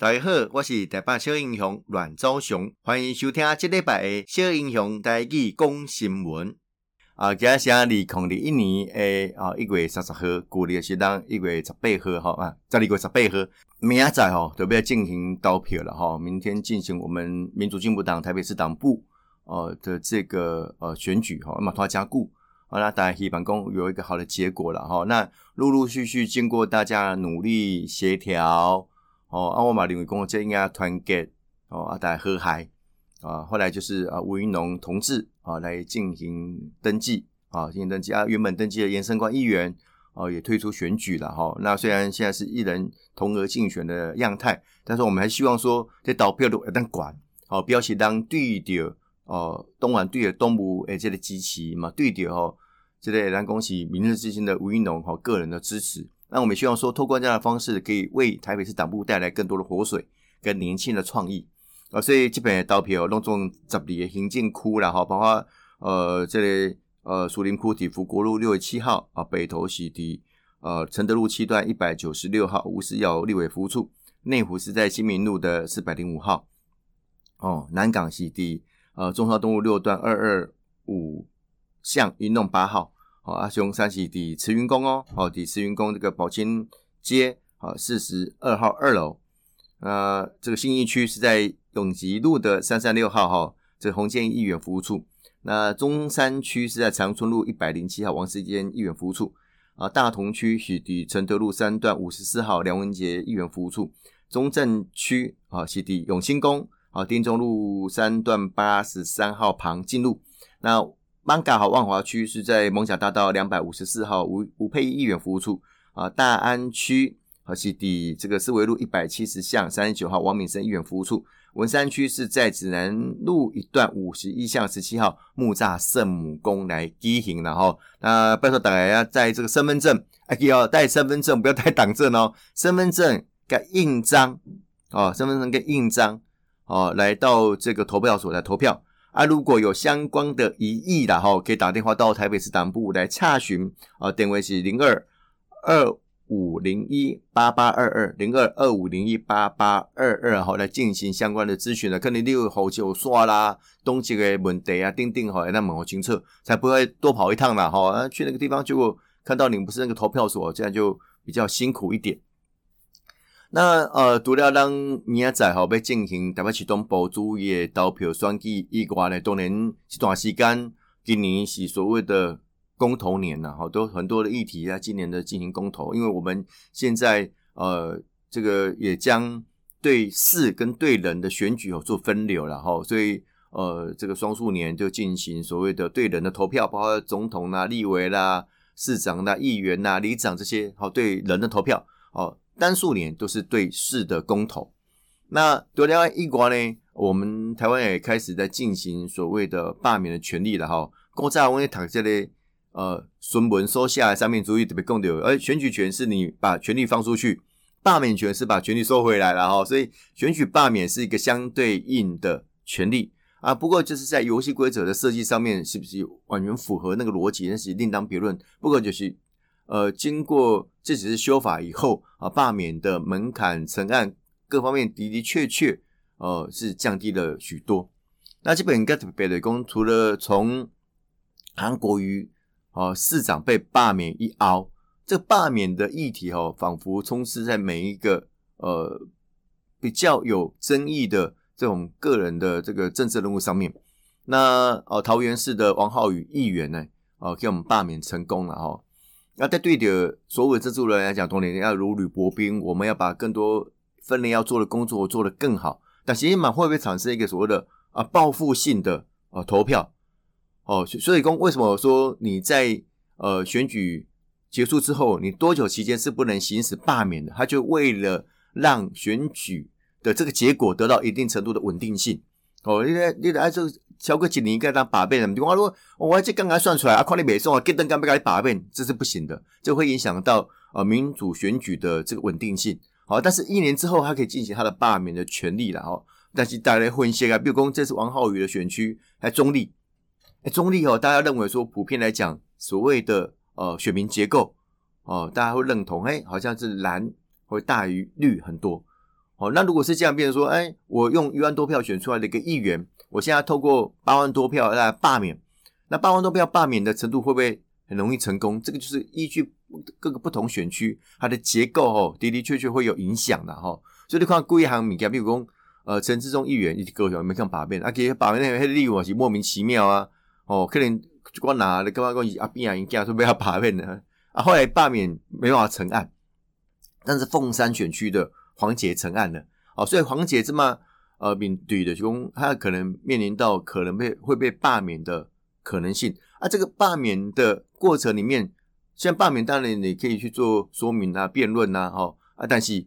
大家好，我是台北小英雄阮昭雄，歡迎收聽啊，這禮拜嘅小英雄大家講新聞。啊，今天是二零二一年的誒、欸，啊一月三十號過嚟，是當一月十八號，好、啊、嘛？再離過十八號，明天吼、啊，就要進行投票了哈、啊。明天進行我們民主進步黨台北市黨部，呃、啊、的這個呃、啊、選舉哈，嘛、啊、拖加固，好、啊、了，大家希望說有一個好的結果了哈、啊。那陸陸續續經過大家努力協調。哦，奧巴馬認為共和黨應該要團結哦，阿達和海啊，後來就是啊吳怡農同志啊來進行登記啊，進行登記啊，原本登記的延伸官議員哦、啊、也退出選舉了哈、啊。那雖然現在是一人同額競選的樣態，但是我們還希望說這個、投票都一旦管哦，要寫當對的，哦東莞對的，東吳，誒這類支持嘛，對、啊、的，哦之類咱恭喜明日之星的吳怡農，和個人的支持。那我們也希望說，透過這樣的方式，可以為台北市黨部帶來更多的活水跟年輕的創意啊、呃，所以基本的投票、哦，龍中里的行政區，然後包括呃這裡、個、呃士林區的福國路六十七號啊、呃、北投是在，呃承德路七段一百九十六號吳思瑤立委服務處內湖是在新明路的四百零五號哦，南港是在呃忠孝東路六段二二五巷一弄八號。阿雄三旗地慈雲宮哦，哦，地慈雲宮這個寶清街好四十二號二樓。那、呃、這個信義區是在永吉路的三三六號哈、哦，這洪、個、建議員服務處。那中山區是在長春路一百零七號王世堅議員服務處。啊，大同區是地承德路三段五十四號梁文傑議員服務處。中正區啊、哦、是地永清宮啊汀州路三段八十三號旁進入。那 a 港和萬華區是在艋舺大道兩百五十四號吳吳佩儀議員服務處啊，大安區和西地這個四維路一百七十巷三十九號王敏生議員服務處，文山區是在指南路一段五十一巷十七號木柵聖母宮來畸形然後，那拜托大家在這個身份證要帶、哎、身份證，不要帶黨證哦，身份證跟印章哦，身份證跟印章，哦，跟印章哦，來到這個投票所來投票。啊，如果有相關的疑義的哈，可以打電話到台北市黨部來查詢，啊，電話是零二二五零一八八二二零二二五零一八八二二，好，來進行相關的諮詢的。可、啊、能你，你有號就刷啦，東、啊、西的問題啊，定定好那那摸清楚，才不會多跑一趟啦，哈、啊、去那個地方結果看到你不是那個投票所，這樣就比較辛苦一點。那呃，除了讓尼亞仔吼要進行台北市黨部主委投票選舉以外呢，當然一段時間，今年是所謂的公投年吶，好、哦，都很多的議題啊，今年的進行公投，因為我們現在呃，這個也將對事跟對人的選舉有、哦、做分流了哈、哦，所以呃，這個雙數年就進行所謂的對人的投票，包括總統啦、啊、立委啦、市長啦、啊、議員啊里長這些，好、哦，對人的投票哦。單數年都是對事的公投，那多另外一國呢？我們台灣也開始在進行所謂的罷免的權利了哈、哦。剛才我念讀這裡、個，呃，孫文說下來，三民主義特別講的有。而、欸、選舉權是你把權利放出去，罷免權是把權利收回來了哈、哦。所以選舉罷免是一個相對應的權利啊。不過就是在遊戲規則的設計上面，是不是完全符合那個邏輯？那是另當別論。不過就是。呃，經過這幾次修法以後啊，罷免的門檻、成案各方面的，的的確確，呃，是降低了許多。那這本個 t 的功，除了從韓國瑜啊，市長被罷免一凹，這罷免的議題哦，仿佛充斥在每一個呃比較有爭議的這種個人的這個政治人物上面。那哦、啊，桃園市的王浩宇議員呢，啊，給我們罷免成功了哈、哦。那在對的，所有政治人來講，同理你要如履薄冰，我們要把更多分類要做的工作做得更好。但起碼會不會產生一個所謂的啊報復性的啊投票？哦，所以說為什麼說你在呃選舉結束之後，你多久期間是不能行使罷免的？他就為了讓選舉的這個結果得到一定程度的穩定性。哦，因為按超過幾年應該當罷免什麼地方？我我這剛剛算出來啊，看你每送啊，跟剛剛不搞罷免，這是不行的，這會影響到呃民主選舉的這個穩定性。好、哦，但是一年之後他可以進行他的罷免的權利了哈、哦。但是帶來風險啊，比如講，這是王浩宇的選區，還中立。哎、欸，中立哦，大家認為說普遍來講，所謂的呃選民結構哦，大家會認同哎、欸，好像是藍會大於綠很多。哦，那如果是這樣，變成說，哎、欸，我用一萬多票選出來的一個議員，我現在透過八萬多票來罷免，那八萬多票罷免的程度會不會很容易成功？這個就是依據各個不同選區它的結構哦，的的確確會有影響的哈。所以你看，貴行、你看比如說呃，陳致中議員一直搞什麼沒看罷免，而且罷免的那個理由也是莫名其妙啊。哦，可能人就光拿了幹嘛？講是阿扁啊，人家都被他罷免的。啊，後來罷免沒辦法成案，但是鳳山選區的。黃捷成案了，哦，所以黃捷這麼呃，敏呂的凶，他可能面臨到可能被會被罷免的可能性啊。這個罷免的過程裡面，雖然罷免，當然你可以去做說明啊、辯論啊哈、哦、啊，但是，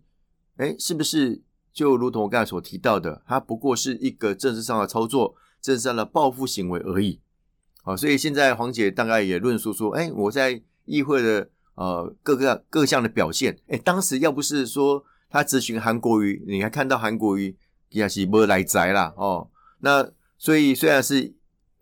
哎，是不是就如同我剛才所提到的，它不過是一個政治上的操作，政治上的報復行為而已，啊、哦，所以現在黃捷大概也論述說，哎，我在議會的呃各個各項的表現，哎，當時要不是說。他質詢韓國瑜，你看看到，韓國瑜也是無來宅啦哦，那所以雖然是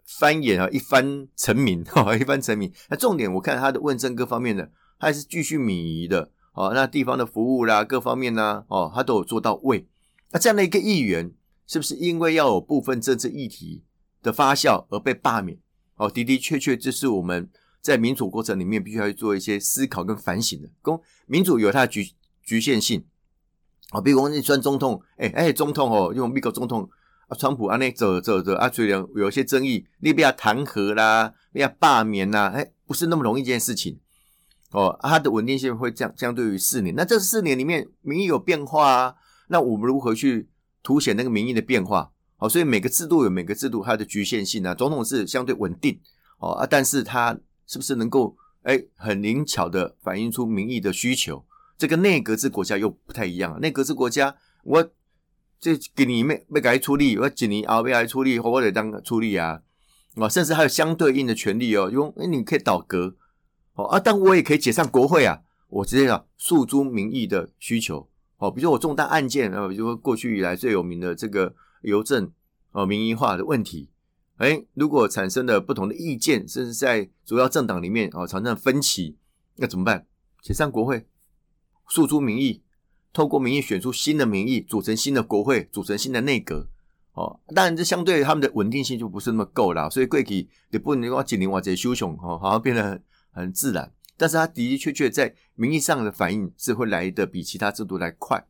翻眼啊，一番成名哈、哦，一番成名。那重點我看他的問政各方面呢他的，還是繼續敏儀的哦。那地方的服務啦，各方面啦、啊，哦，他都有做到位。那這樣的一個議員，是不是因為要有部分政治議題的發酵而被罷免？哦，的的確確，這是我們在民主過程裡面必須要去做一些思考跟反省的。公民主有它的局局限性。哦，比如講你選總統，哎哎，總統哦，用美國總統啊，川普啊，那走走走啊，雖然有些爭議，你不要彈劾啦，不要罷免啦、啊，哎，不是那麼容易一件事情。哦，它、啊、的穩定性會相相對於四年，那這四年裡面民意有變化啊，那我們如何去凸顯那個民意的變化？好、哦，所以每個制度有每個制度它的局限性啊。總統是相對穩定，哦啊，但是他是不是能夠哎很靈巧地反映出民意的需求？這個內閣制國家又不太一樣啊。內閣制國家，我這給你沒沒該出力，我要給你阿 V 愛出力，或得當出力啊，甚至還有相對應的權利哦。因為你可以倒閣。好啊，但我也可以解散國會啊。我直接講，訴諸民意的需求哦。比如說我重大案件啊，比如說過去以來最有名的這個郵政哦民營化的問題，哎，如果產生了不同的意見，甚至在主要政黨裡面哦產生了分歧，那怎麼辦？解散國會。訴諸民意，透過民意選出新的民意，組成新的國會，組成新的內閣。哦，當然這相對於他們的穩定性就不是那麼夠啦。所以貴國也不能光緊年往這修行哦，好像變得很、很自然。但是他的的確確在民意上的反應是會來得比其他制度來快。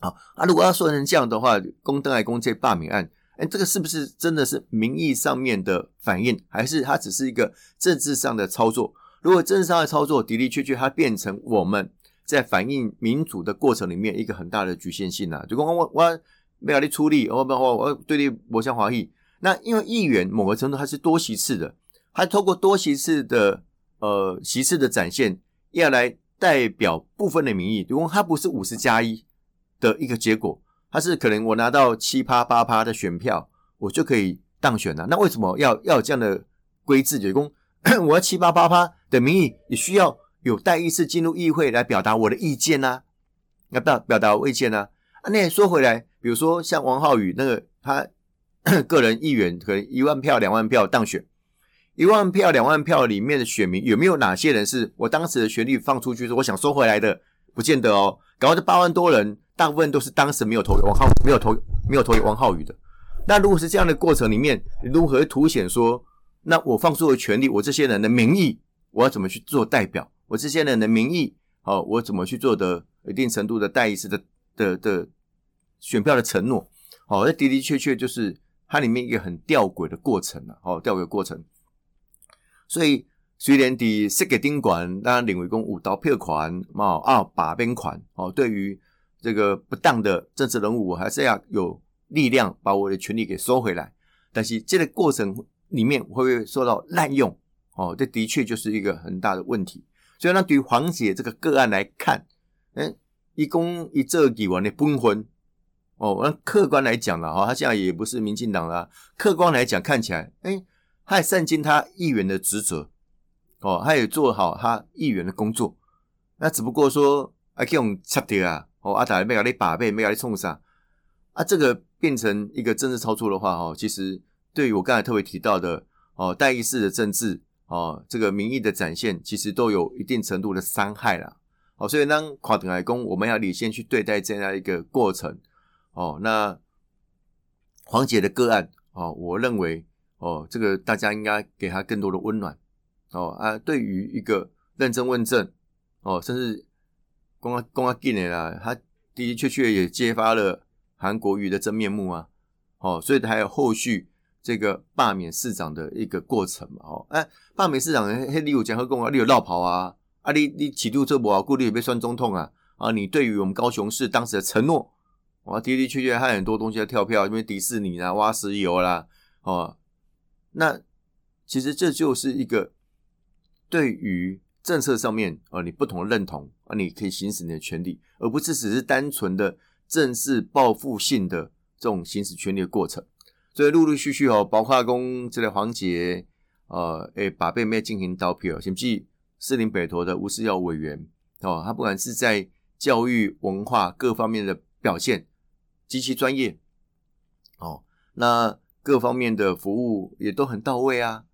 好，哦，啊，如果要說成這樣的話，公登愛公這罷免案，哎、欸，這個是不是真的是民意上面的反應，還是它只是一個政治上的操作？如果政治上的操作的的確確它變成我們。在反映民主的過程裡面，一個很大的局限性啊，就跟我我沒有的出力，我我我，我，我對立我向華裔。那因為議員某個程度他是多席次的，他透過多席次的呃席次的展現，要來代表部分的民意。如果他不是五十加一的一個結果，他是可能我拿到七趴八趴的選票，我就可以當選了、啊。那為什麼要要有這樣的規制？就講 我七趴八趴的民意也需要。有帶一次進入議會來表達我的意見吶、啊？那表表達我意見吶、啊？啊、那說回來，比如說像王浩宇那個他，他個人議員可能一萬票、兩萬票當選，一萬票、兩萬票裡面的選民有沒有哪些人是我當時的權利放出去是我想收回來的？不見得哦。搞完這八萬多人，大部分都是當時沒有投王浩，沒有投沒有投，沒有投王浩宇的。那如果是這樣的過程裡面，如何凸顯說那我放出的權利，我這些人的名義，我要怎麼去做代表？我這些人的名義，哦，我怎麼去做的一定程度的代議式的的的的選票的承諾，哦，這的的確確就是它裡面一個很吊詭的過程了，哦，吊詭過程。所以雖然你四個丁管，當然領回公五刀票款，哦，啊二把邊款哦，對於這個不當的政治人物，我還是要有力量把我的權利給收回來。但是這個過程裡面會不會受到濫用？哦，這的確就是一個很大的問題。所以，那對於黃捷這個個案來看，哎、欸，一公一這個議員的本分，哦，那客觀來講了哈，他現在也不是民進黨了。客觀來講，看起來，誒、欸、他也善盡他議員的職責，哦，他也做好他議員的工作。那只不過說，阿 Q 用插的啊，哦，阿打沒給你把柄，沒給你衝上，啊，這個變成一個政治操作的話，哦，其實對於我剛才特別提到的，哦，代議士的政治。哦，這個民意的展現其實都有一定程度的傷害了。哦，所以當跨黨來攻，我們要理性去對待這樣一個過程。哦，那黃捷的個案，哦，我認為，哦，這個大家應該給她更多的溫暖。哦啊，對於一個認真問政，哦，甚至公安公安記者啊，他的的確確也揭發了韓國瑜的真面目啊。哦，所以他還有後續。這個罷免市長的一個過程嘛，哦、啊，哎，罷免市長，嘿你有講和共你有鬧跑啊，啊你，你你企圖這波啊，顧慮也被算總統啊，啊，你對於我們高雄市當時的承諾，哇、啊，的的確確還很多東西要跳票，因為迪士尼啦、啊、挖石油啦、啊，哦、啊，那其實這就是一個對於政策上面，啊，你不同的認同，啊，你可以行使你的權利，而不是只是單純的政治報復性的這種行使權利的過程。所以陸陸續續哦，包括工這類黃捷，呃，誒，把被妹進行投票，甚至士林北投的吳思瑤委員，哦，他不管是在教育文化各方面的表現極其專業，哦，那各方面的服務也都很到位啊，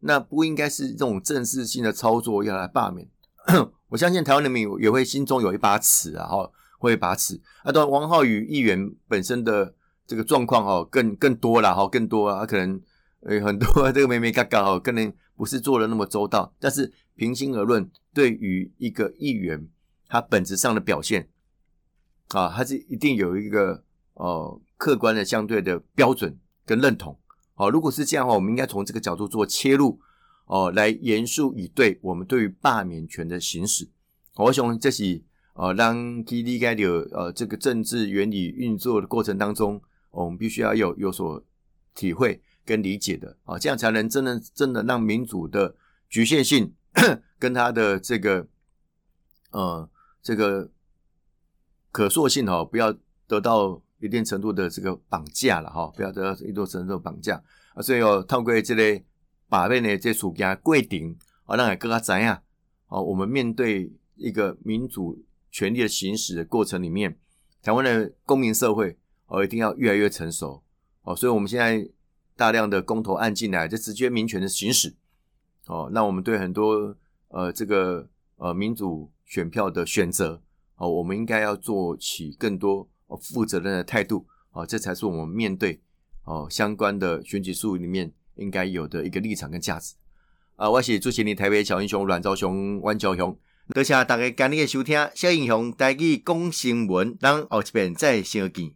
那不應該是這種政治性的操作要來罷免， 我相信台灣人民也會心中有一把尺啊，哈、哦，會把尺啊，當然王浩宇議員本身的。這個狀況哦，更更多了哈，更多，啦更多啊，他可能，欸、很多這個眉眉角角哦，可能不是做得那麼周到。但是平心而論，對於一個議員，他本質上的表現啊，他是一定有一個哦、啊、客觀的相對的標準跟認同哦、啊。如果是這樣的話，我們應該從這個角度做切入哦、啊，來嚴肅以對我們對於罷免權的行使。啊、我想這是呃讓基理解的呃、啊、這個政治原理運作的過程當中。哦、我們必須要有有所體會跟理解的啊、哦，這樣才能真的真的讓民主的局限性跟他的這個呃這個可塑性哦，不要得到一定程度的這個綁架了哈、哦，不要得到一定程度的綁架啊。所以、哦、透過這類把被呢，這暑假規頂，啊，讓大家更加知啊，我們面對一個民主權利的行使的過程裡面，台灣的公民社會。哦，一定要越來越成熟哦，所以，我們現在大量的公投案進來，就直接民權的行使哦。那我們對很多呃，這個呃民主選票的選擇哦，我們應該要做起更多、哦、負責任的態度哦，這才是我們面對哦相關的選舉術語裡面應該有的一個立場跟價值啊。我是主持人台北小英雄阮昭雄、阮昭雄，多謝大家今日的收聽。小英雄大家講新聞，等後幾遍再相見。